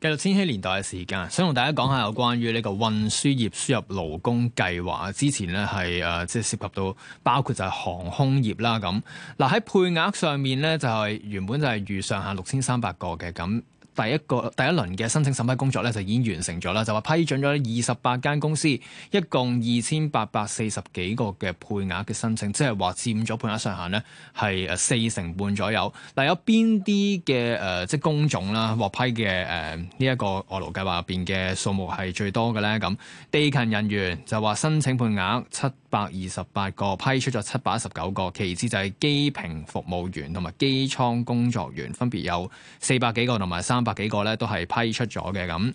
繼續千禧年代嘅時間，想同大家講下有關於呢個運輸業輸入勞工計劃。之前咧係誒，即係涉及到包括就係航空業啦咁。嗱喺配額上面咧，就係原本就係預上限六千三百個嘅咁。第一個第一輪嘅申請審批工作咧就已經完成咗啦，就話批准咗二十八間公司，一共二千八百四十幾個嘅配額嘅申請，即係話佔咗配額上限咧係誒四成半左右，但有邊啲嘅誒即工種啦獲批嘅誒呢一個外勞計劃入邊嘅數目係最多嘅咧？咁地勤人員就話申請配額七百二十八個批出咗七百一十九個，其次就係機坪服務員同埋機艙工作員分別有四百幾個同埋三百幾個咧，都係批出咗嘅。咁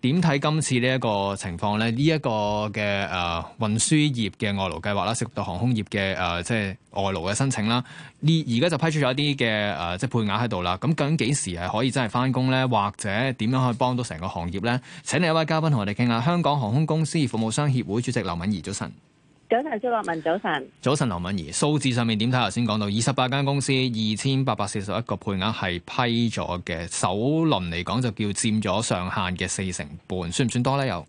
點睇今次呢一個情況咧？呢、這、一個嘅誒運輸業嘅外勞計劃啦，涉及到航空業嘅誒、呃、即係外勞嘅申請啦。呢而家就批出咗一啲嘅誒即係配額喺度啦。咁究竟幾時係可以真係翻工咧？或者點樣可以幫到成個行業咧？請另一位嘉賓同我哋傾下。香港航空公司服務商協會主席劉敏儀，早晨。早晨，朱樂文。早晨，早晨，劉敏儀。數字上面點睇？頭先講到二十八間公司，二千八百四十一個配額係批咗嘅，首輪嚟講就叫佔咗上限嘅四成半，算唔算多咧？又、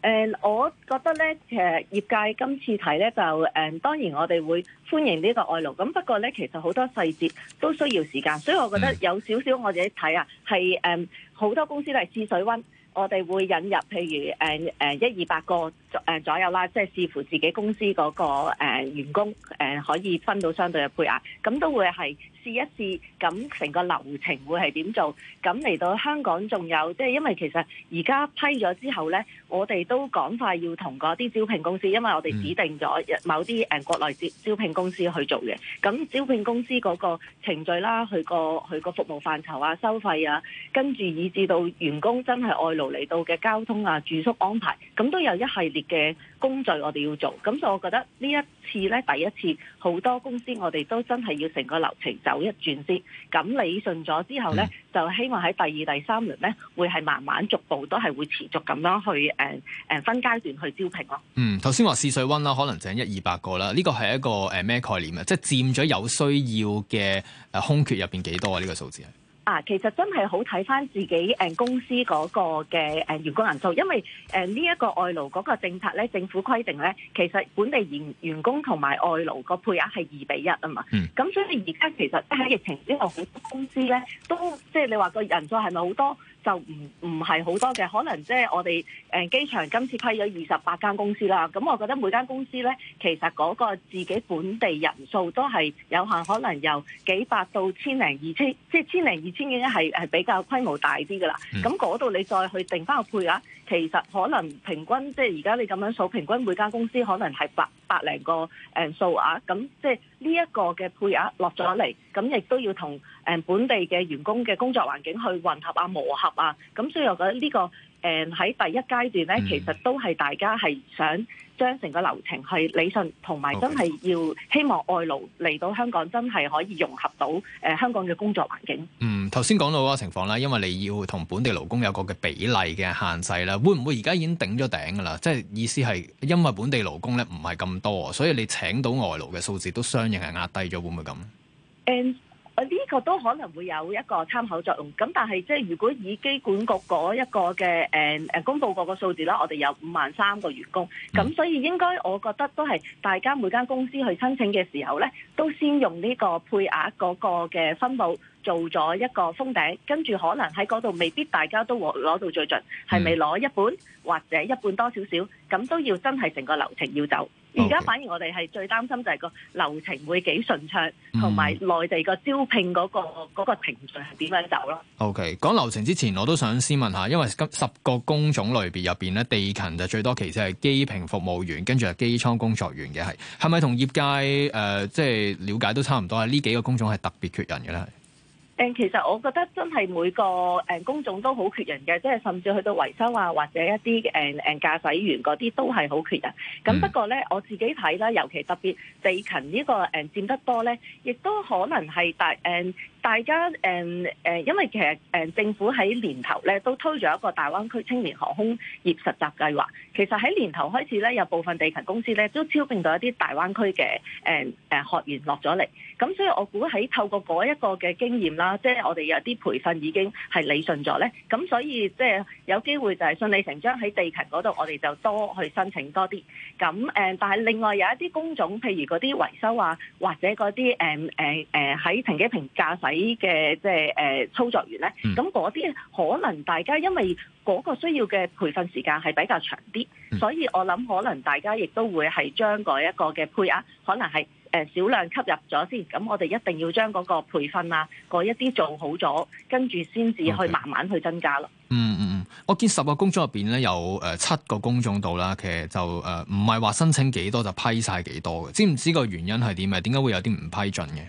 呃、誒，我覺得咧，其實業界今次睇咧，就誒、嗯，當然我哋會歡迎呢個外勞。咁不過咧，其實好多細節都需要時間，所以我覺得有少少我自己睇啊，係誒，好、嗯、多公司都係試水溫，我哋會引入，譬如誒誒一二百個。左誒右啦，即係視乎自己公司嗰個誒員工誒可以分到相對嘅配額，咁都會係試一試，咁成個流程會係點做。咁嚟到香港仲有，即係因為其實而家批咗之後咧，我哋都趕快要同嗰啲招聘公司，因為我哋指定咗某啲誒國內招聘公司去做嘅。咁招聘公司嗰個程序啦，佢個佢個服務範疇啊、收費啊，跟住以至到員工真係外勞嚟到嘅交通啊、住宿安排，咁都有一系列。嘅工序我哋要做，咁所以我覺得呢一次呢，第一次好多公司我哋都真係要成個流程走一轉先。咁理順咗之後呢，就希望喺第二、第三輪呢，會係慢慢逐步都係會持續咁樣去誒誒、呃呃、分階段去招聘咯。嗯，頭先話試水溫啦，可能整一二百個啦，呢個係一個誒咩、呃、概念啊？即係佔咗有需要嘅誒、呃、空缺入邊幾多啊？呢、呢個數字係。啊，其實真係好睇翻自己誒公司嗰個嘅誒員工人數，因為誒呢一個外勞嗰個政策咧，政府規定咧，其實本地員員工同埋外勞個配額係二比一啊嘛。嗯，咁所以你而家其實喺疫情之後好多公司咧，都即係你話個人數係咪好多？就唔唔係好多嘅，可能即係我哋誒機場今次批咗二十八間公司啦。咁我覺得每間公司咧，其實嗰個自己本地人數都係有限，可能由幾百到千零二千，即係千零二千已經係係比較規模大啲噶啦。咁嗰度你再去定翻個配額。其實可能平均即係而家你咁樣數，平均每間公司可能係百百零個誒、嗯、數啊。咁即係呢一個嘅配額落咗嚟，咁亦都要同誒本地嘅員工嘅工作環境去混合啊、磨合啊。咁所以我覺得呢、呢個誒喺、嗯、第一階段咧，其實都係大家係想。將成個流程去理順，同埋真係要希望外勞嚟到香港真係可以融合到誒、呃、香港嘅工作環境。嗯，頭先講到嗰個情況啦，因為你要同本地勞工有個嘅比例嘅限制啦，會唔會而家已經頂咗頂噶啦？即係意思係因為本地勞工咧唔係咁多，所以你請到外勞嘅數字都相應係壓低咗，會唔會咁？And 呢個都可能會有一個參考作用，咁但係即係如果以機管局嗰一個嘅誒誒公佈過個數字啦，我哋有五萬三個員工，咁所以應該我覺得都係大家每間公司去申請嘅時候呢，都先用呢個配額嗰個嘅分佈做咗一個封頂，跟住可能喺嗰度未必大家都攞攞到最盡，係咪攞一半或者一半多少少，咁都要真係成個流程要走。而家反而我哋係最擔心就係個流程會幾順暢，同埋內地個招聘嗰個嗰個程序係點樣走咯？OK，講流程之前，我都想先問下，因為今十個工種類別入邊，咧，地勤就最多，其實係機坪服務員，跟住係機艙工作員嘅，係係咪同業界誒即係了解都差唔多啊？呢幾個工種係特別缺人嘅咧？誒，其實我覺得真係每個誒工種都好缺人嘅，即係甚至去到維修啊，或者一啲誒誒駕駛員嗰啲都係好缺人。咁不過咧，我自己睇啦，尤其特別地勤呢個誒佔得多咧，亦都可能係大誒。大家誒誒、嗯嗯，因為其實誒、嗯、政府喺年頭咧都推咗一個大灣區青年航空業實習計劃。其實喺年頭開始咧，有部分地勤公司咧都招聘到一啲大灣區嘅誒誒學員落咗嚟。咁所以我估喺透過嗰一個嘅經驗啦，即係我哋有啲培訓已經係理順咗咧。咁所以即係有機會就係順理成章喺地勤嗰度，我哋就多去申請多啲。咁誒、嗯，但係另外有一啲工種，譬如嗰啲維修啊，或者嗰啲誒誒誒喺停機坪駕駛，喺嘅即係誒操作員咧，咁嗰啲可能大家因為嗰個需要嘅培訓時間係比較長啲，所以我諗可能大家亦都會係將嗰一個嘅配額可能係誒少量吸入咗先，咁我哋一定要將嗰個培訓啊嗰一啲做好咗，跟住先至可以慢慢去增加咯。Okay. 嗯嗯嗯，我見十個工作入邊咧有誒七個公眾度啦，其實就誒唔係話申請幾多就批晒幾多嘅，知唔知個原因係點啊？點解會有啲唔批准嘅？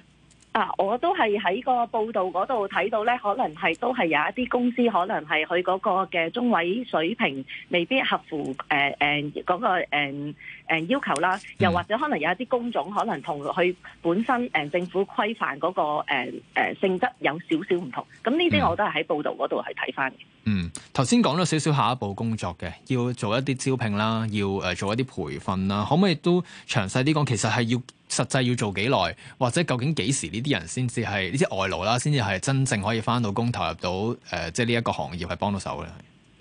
啊！我都係喺個報道嗰度睇到呢，可能係都係有一啲公司，可能係佢嗰個嘅中位水平未必合乎誒誒、呃呃那個誒，呃要求啦，又或者可能有一啲工種可能同佢本身誒政府規範嗰個誒、呃呃、性質有少少唔同。咁呢啲我都係喺報道嗰度係睇翻嘅。嗯，頭先講咗少少下一步工作嘅，要做一啲招聘啦，要誒做一啲培訓啦。可唔可以都詳細啲講，其實係要實際要做幾耐，或者究竟幾時呢啲人先至係呢啲外勞啦，先至係真正可以翻到工，投入到誒、呃、即係呢一個行業係幫到手咧？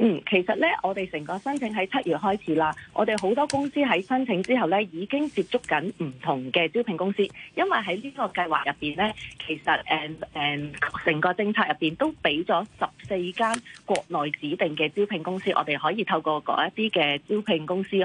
嗯，其實咧，我哋成個申請喺七月開始啦。我哋好多公司喺申請之後咧，已經接觸緊唔同嘅招聘公司，因為喺呢個計劃入邊咧，其實誒誒成個政策入邊都俾咗十四間國內指定嘅招聘公司，我哋可以透過嗰一啲嘅招聘公司去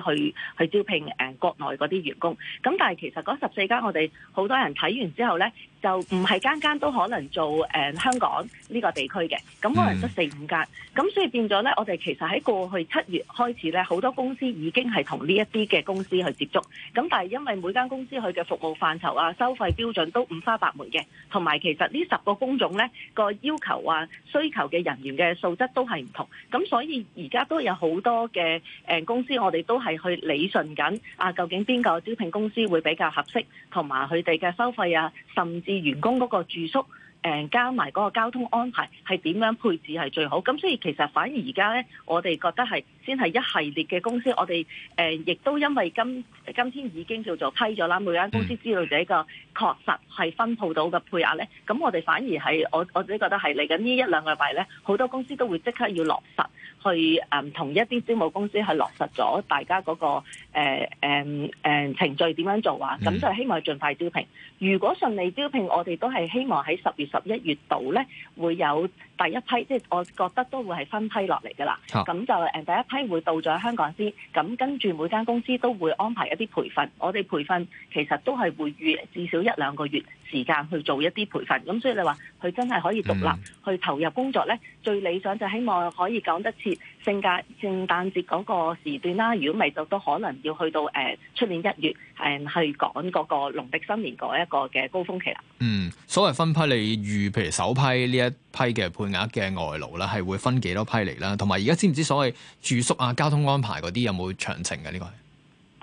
去招聘誒國內嗰啲員工。咁但係其實嗰十四間，我哋好多人睇完之後咧，就唔係間間都可能做誒、呃、香港呢個地區嘅，咁可能得四五間，咁所以變咗咧，我哋其實喺過去七月開始咧，好多公司已經係同呢一啲嘅公司去接觸，咁但係因為每間公司佢嘅服務範疇啊、收費標準都五花八門嘅，同埋其實呢十個工種咧個要求啊、需求嘅人員嘅素質都係唔同，咁所以而家都有好多嘅誒公司，我哋都係去理順緊啊，究竟邊個招聘公司會比較合適，同埋佢哋嘅收費啊。甚至員工嗰個住宿，誒加埋嗰個交通安排係點樣配置係最好？咁所以其實反而而家呢，我哋覺得係，先係一系列嘅公司，我哋誒亦都因為今今天已經叫做批咗啦，每間公司知道自己個確實係分配到嘅配額呢，咁我哋反而係我我自己覺得係嚟緊呢一兩個禮拜呢，好多公司都會即刻要落實去誒、嗯、同一啲招募公司去落實咗大家嗰、那個誒、呃呃呃、程序點樣做啊，咁就希望盡快招聘。如果順利招聘，我哋都係希望喺十月十一月度呢會有第一批，即、就、係、是、我覺得都會係分批落嚟㗎啦。咁就誒第一批。會到咗香港先，咁跟住每間公司都會安排一啲培訓。我哋培訓其實都係會預至少一兩個月。時間去做一啲培訓，咁所以你話佢真係可以獨立、嗯、去投入工作呢？最理想就希望可以趕得切聖誕、聖誕節嗰個時段啦。如果唔係，就都可能要去到誒出、呃、年一月誒、呃、去趕嗰個農曆新年嗰一個嘅高峰期啦。嗯，所謂分批，你預譬如首批呢一批嘅配額嘅外勞啦，係會分幾多批嚟啦？同埋而家知唔知所謂住宿啊、交通安排嗰啲有冇詳情嘅呢個？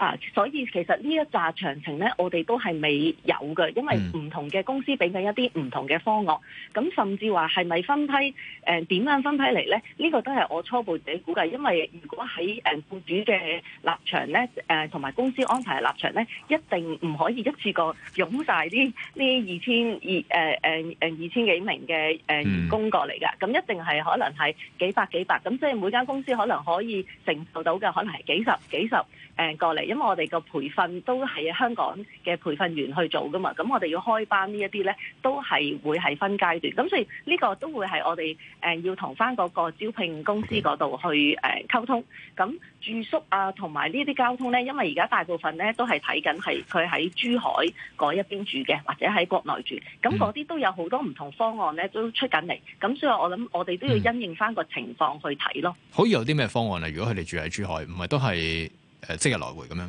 啊、所以其實這一詳呢一紮詳情咧，我哋都係未有嘅，因為唔同嘅公司俾緊一啲唔同嘅方案，咁甚至話係咪分批？誒、呃、點樣分批嚟咧？呢、這個都係我初步自己估計，因為如果喺誒僱主嘅立場咧，誒同埋公司安排嘅立場咧，一定唔可以一次過湧晒啲呢二千二誒誒誒二千幾名嘅誒員工過嚟㗎，咁一定係可能係幾百幾百，咁即係每間公司可能可以承受到嘅可能係幾十幾十誒、呃、過嚟。咁我哋個培訓都係香港嘅培訓員去做噶嘛，咁我哋要開班呢一啲咧，都係會係分階段，咁所以呢個都會係我哋誒要同翻嗰個招聘公司嗰度去誒溝通。咁、okay. 住宿啊，同埋呢啲交通咧，因為而家大部分咧都係睇緊係佢喺珠海嗰一邊住嘅，或者喺國內住，咁嗰啲都有好多唔同方案咧，都出緊嚟。咁、嗯、所以，我諗我哋都要因應翻個情況去睇咯。可以有啲咩方案啊？如果佢哋住喺珠海，唔係都係。呃即日來回咁樣。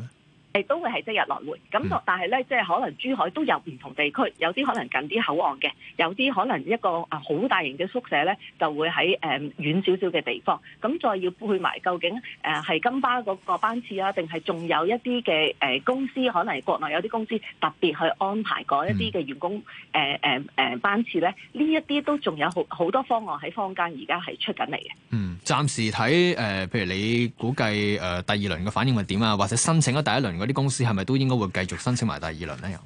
誒都會係即日來回咁，但係咧，即係可能珠海都有唔同地區，有啲可能近啲口岸嘅，有啲可能一個啊好大型嘅宿舍咧，就會喺誒遠少少嘅地方。咁再要配埋，究竟誒係、呃、金巴嗰個班次啊，定係仲有一啲嘅誒公司可能係國內有啲公司特別去安排改一啲嘅員工誒誒誒班次咧？呢一啲都仲有好好多方案喺坊間，而家係出緊嚟嘅。嗯，暫時睇誒、呃，譬如你估計誒、呃、第二輪嘅反應係點啊？或者申請咗第一輪？啲公司係咪都應該會繼續申請埋第二輪咧？又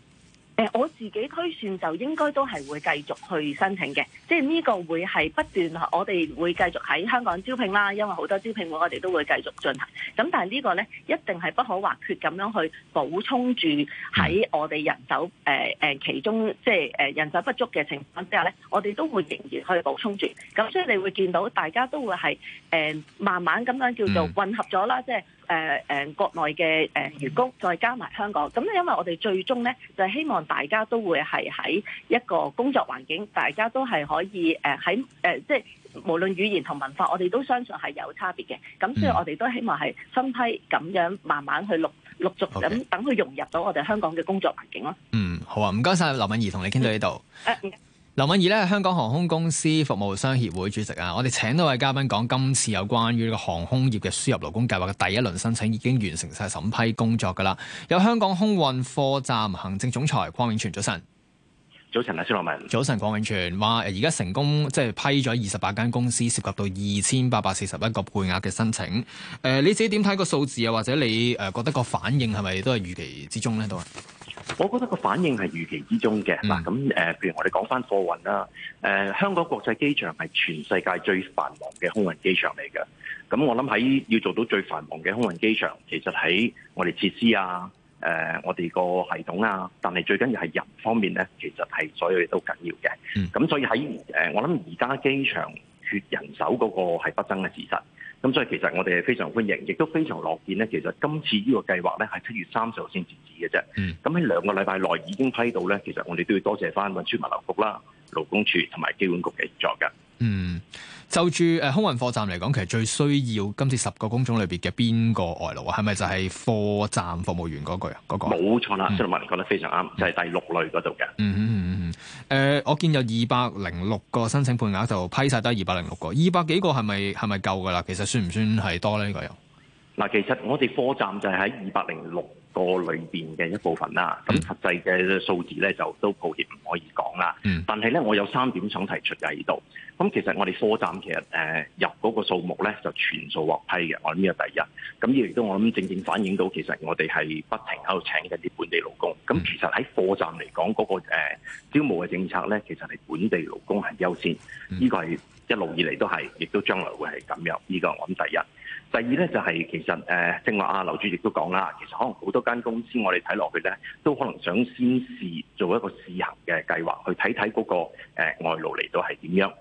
誒，我自己推算就應該都係會繼續去申請嘅，即係呢個會係不斷。我哋會繼續喺香港招聘啦。因為好多招聘會，我哋都會繼續進行。咁但係呢個咧，一定係不可或缺咁樣去補充住喺我哋人手誒誒其中，即係誒人手不足嘅情況之下咧，我哋都會仍然去補充住。咁所以你會見到大家都會係誒慢慢咁樣叫做混合咗啦，即係。誒、呃、誒，國內嘅誒員工再加埋香港，咁因為我哋最終咧就係、希望大家都會係喺一個工作環境，大家都係可以誒喺誒，即係無論語言同文化，我哋都相信係有差別嘅。咁所以我哋都希望係分批咁樣慢慢去陸陸續咁等佢融入到我哋香港嘅工作環境咯。嗯，好啊，唔該晒。劉敏儀，同你傾到呢度。呃劉敏儀咧，係香港航空公司服務商協會主席啊，我哋請到位嘉賓講今次有關於個航空業嘅輸入勞工計劃嘅第一輪申請已經完成晒審批工作噶啦。有香港空運貨站行政總裁鄺永銓，早晨。早晨啊，孫樂文。早晨，鄺永銓話：而家成功即係批咗二十八間公司，涉及到二千八百四十一個配額嘅申請。誒、呃，你自己點睇個數字啊？或者你誒覺得個反應係咪都係預期之中呢？都？我覺得個反應係預期之中嘅，嗱咁誒，譬如我哋講返貨運啦，誒、呃、香港國際機場係全世界最繁忙嘅空運機場嚟嘅，咁我諗喺要做到最繁忙嘅空運機場，其實喺我哋設施啊，誒、呃、我哋個系統啊，但係最緊要係人方面咧，其實係所有嘢都緊要嘅，咁、嗯、所以喺誒、呃、我諗而家機場缺人手嗰個係不爭嘅事實。咁所以其實我哋係非常歡迎，亦都非常樂見呢。其實今次呢個計劃呢係七月三十號先截止嘅啫。咁喺兩個禮拜內已經批到呢，其實我哋都要多謝翻運輸物流局啦、勞工處同埋機管局嘅協助嘅。嗯，就住空運貨站嚟講，其實最需要今次十個工種裏面嘅邊個外勞啊？係咪就係貨站服務員嗰句啊？嗰、那個冇錯啦，張立文講得非常啱、嗯，就係、是、第六類嗰度嘅。嗯。誒、呃，我見有二百零六個申請配額就批晒得二百零六個，二百幾個係咪係咪夠噶啦？其實算唔算係多呢？呢個又嗱，其實我哋貨站就係喺二百零六。個裏面嘅一部分啦，咁實際嘅數字咧就都抱歉唔可以講啦。但係咧，我有三點想提出喺度。咁其實我哋貨站其實誒、呃、入嗰個數目咧就全數獲批嘅，我諗呢個第一。咁亦都我諗正正反映到其實我哋係不停喺度請緊啲本地勞工。咁其實喺貨站嚟講嗰個、呃、招募嘅政策咧，其實係本地勞工係優先，呢、呢個係一路以嚟都係，亦都將來會係咁樣。呢、呢個我諗第一。第二咧就係、是、其實誒，正話啊，劉主席亦都講啦，其實可能好多間公司我哋睇落去咧，都可能想先試做一個試行嘅計劃，去睇睇嗰個、呃、外勞嚟到係點樣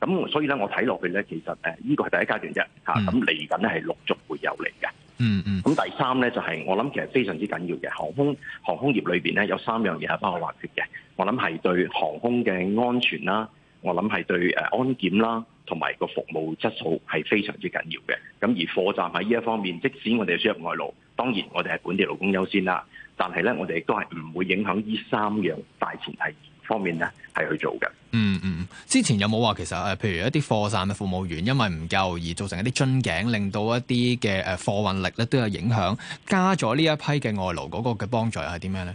咁、啊、所以咧，我睇落去咧，其實誒，呢個係第一階段啫，咁嚟緊咧係陸續會有嚟嘅。嗯、啊、嗯。咁第三咧就係、是、我諗其實非常之緊要嘅航空，航空業裏面咧有三樣嘢係不可或缺嘅。我諗係對航空嘅安全啦，我諗係對、呃、安檢啦。同埋個服務質素係非常之緊要嘅。咁而貨站喺呢一方面，即使我哋輸入外勞，當然我哋係本地勞工優先啦。但係呢，我哋亦都係唔會影響呢三樣大前提方面呢係去做嘅。嗯嗯，之前有冇話其實誒，譬如一啲貨站嘅服務員因為唔夠而造成一啲樽頸，令到一啲嘅誒貨運力咧都有影響。加咗呢一批嘅外勞，嗰個嘅幫助係啲咩呢？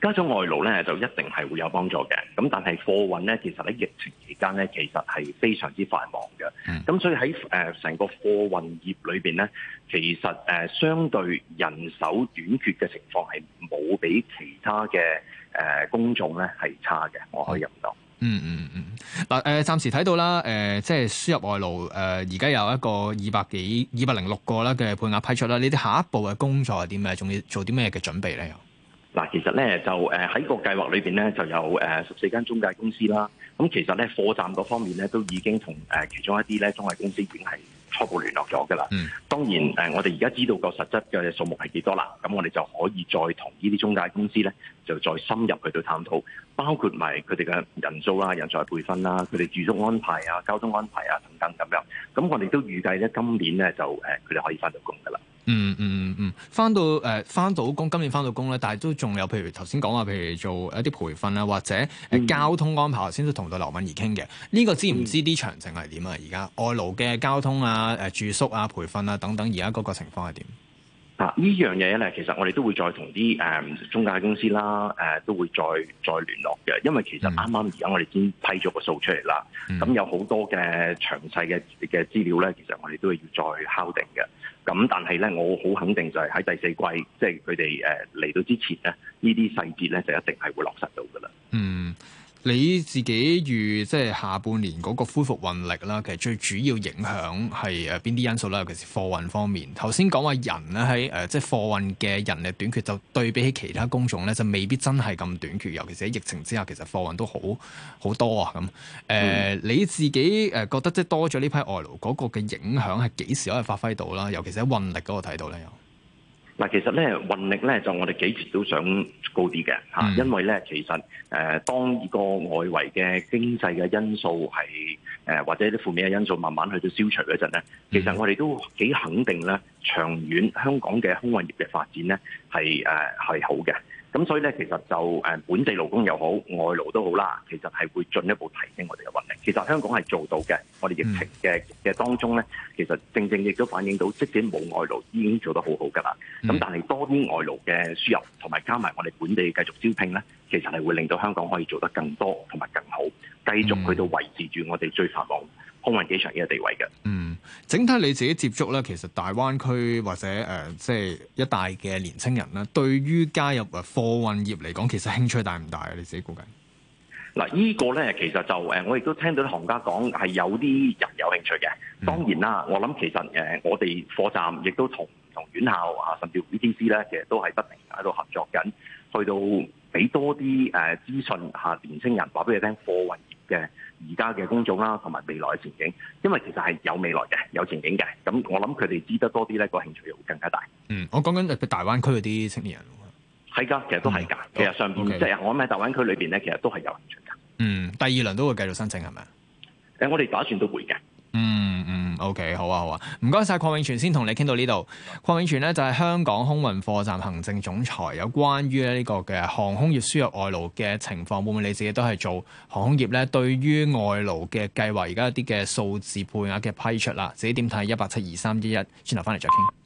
加上外勞咧，就一定係會有幫助嘅。咁但係貨運咧，其實喺疫情期間咧，其實係非常之繁忙嘅。咁、嗯、所以喺誒成個貨運業裏邊咧，其實、呃、相對人手短缺嘅情況係冇比其他嘅、呃、工種呢咧係差嘅。我可以認同。嗯嗯嗯。嗱、嗯、誒、嗯呃，暫時睇到啦、呃。即係輸入外勞而家、呃、有一個二百幾二百零六個啦嘅配額批出啦。你哋下一步嘅工作係啲咩？仲要做啲咩嘅準備咧？嗱，其實咧就誒喺個計劃裏面咧，就有誒十四間中介公司啦。咁其實咧，貨站嗰方面咧，都已經同誒其中一啲咧中介公司已經係初步聯絡咗噶啦。當然誒，我哋而家知道個實質嘅數目係幾多啦。咁我哋就可以再同呢啲中介公司咧，就再深入去到探討，包括埋佢哋嘅人數啦、人才培訓啦、佢哋住宿安排啊、交通安排啊等等咁樣。咁我哋都預計咧今年咧就誒佢哋可以翻到工噶啦。嗯嗯嗯嗯，翻、嗯嗯、到誒翻、呃、到工，今年翻到工咧，但係都仲有，譬如頭先講話，譬如做一啲培訓啊，或者、嗯、交通安排，先至同到劉敏儀傾嘅。呢、這個知唔知啲詳情係點啊？而家外勞嘅交通啊、呃、住宿啊、培訓啊等等，而家嗰個情況係點？啊！呢樣嘢咧，其實我哋都會再同啲誒中介公司啦，誒都會再再聯絡嘅，因為其實啱啱而家我哋先批咗個數出嚟啦，咁、嗯、有好多嘅詳細嘅嘅資料咧，其實我哋都要再敲定嘅。咁但係咧，我好肯定就係喺第四季，即係佢哋誒嚟到之前咧，呢啲細節咧就一定係會落實到㗎啦。嗯。你自己預即係下半年嗰個恢復運力啦，其實最主要影響係誒邊啲因素咧？尤其是貨運方面。頭先講話人咧喺誒即係貨運嘅人力短缺，就對比起其他工種咧，就未必真係咁短缺。尤其是喺疫情之下，其實貨運都好好多啊。咁、呃、誒、嗯、你自己誒覺得即係多咗呢批外勞嗰、嗰個嘅影響係幾時可以發揮到啦？尤其是喺運力嗰個度睇到咧。嗱，其實咧運力咧就我哋幾時都想高啲嘅、啊、因為咧其實、呃、當呢個外圍嘅經濟嘅因素係誒、呃、或者啲負面嘅因素慢慢去到消除嗰陣咧，其實我哋都幾肯定咧，長遠香港嘅空運業嘅發展咧係誒係好嘅。咁所以咧，其實就誒本地勞工又好，外勞都好啦，其實係會進一步提升我哋嘅運力。其實香港係做到嘅，我哋疫情嘅嘅、嗯、當中咧，其實正正亦都反映到，即使冇外勞已經做得好好噶啦。咁、嗯、但係多啲外勞嘅輸入，同埋加埋我哋本地繼續招聘咧，其實係會令到香港可以做得更多同埋更好，繼續去到維持住我哋最繁忙空運機場嘅地位嘅。嗯。嗯。整體你自己接觸咧，其實大灣區或者誒即係一帶嘅年青人咧，對於加入誒貨運業嚟講，其實興趣大唔大啊？你自己估計？嗱、這個，依個咧其實就誒，我亦都聽到啲行家講係有啲人有興趣嘅。當然啦，嗯、我諗其實誒，我哋貨站亦都同同院校啊，甚至 VTC 咧，其實都係不停喺度合作緊，去到俾多啲誒資訊嚇年青人，話俾你聽貨運業嘅。而家嘅工種啦，同埋未來嘅前景，因為其實係有未來嘅，有前景嘅。咁我諗佢哋知得多啲咧，個興趣會更加大。嗯，我講緊嘅大灣區嗰啲青年人喎，係噶，其實都係噶、嗯。其實上邊即係我喺大灣區裏邊咧，其實都係有興趣嘅。嗯，第二輪都會繼續申請係咪啊？誒，我哋打算都會嘅。嗯嗯，OK，好啊好啊，唔該晒鄺永銓先，先同你傾到呢度。鄺永銓呢，就係香港空運貨站行政總裁，有關於呢個嘅航空業輸入外勞嘅情況，會唔會你自己都係做航空業呢？對於外勞嘅計劃，而家一啲嘅數字配額嘅批出啦，自己點睇？一八七二三一一，轉頭翻嚟再傾。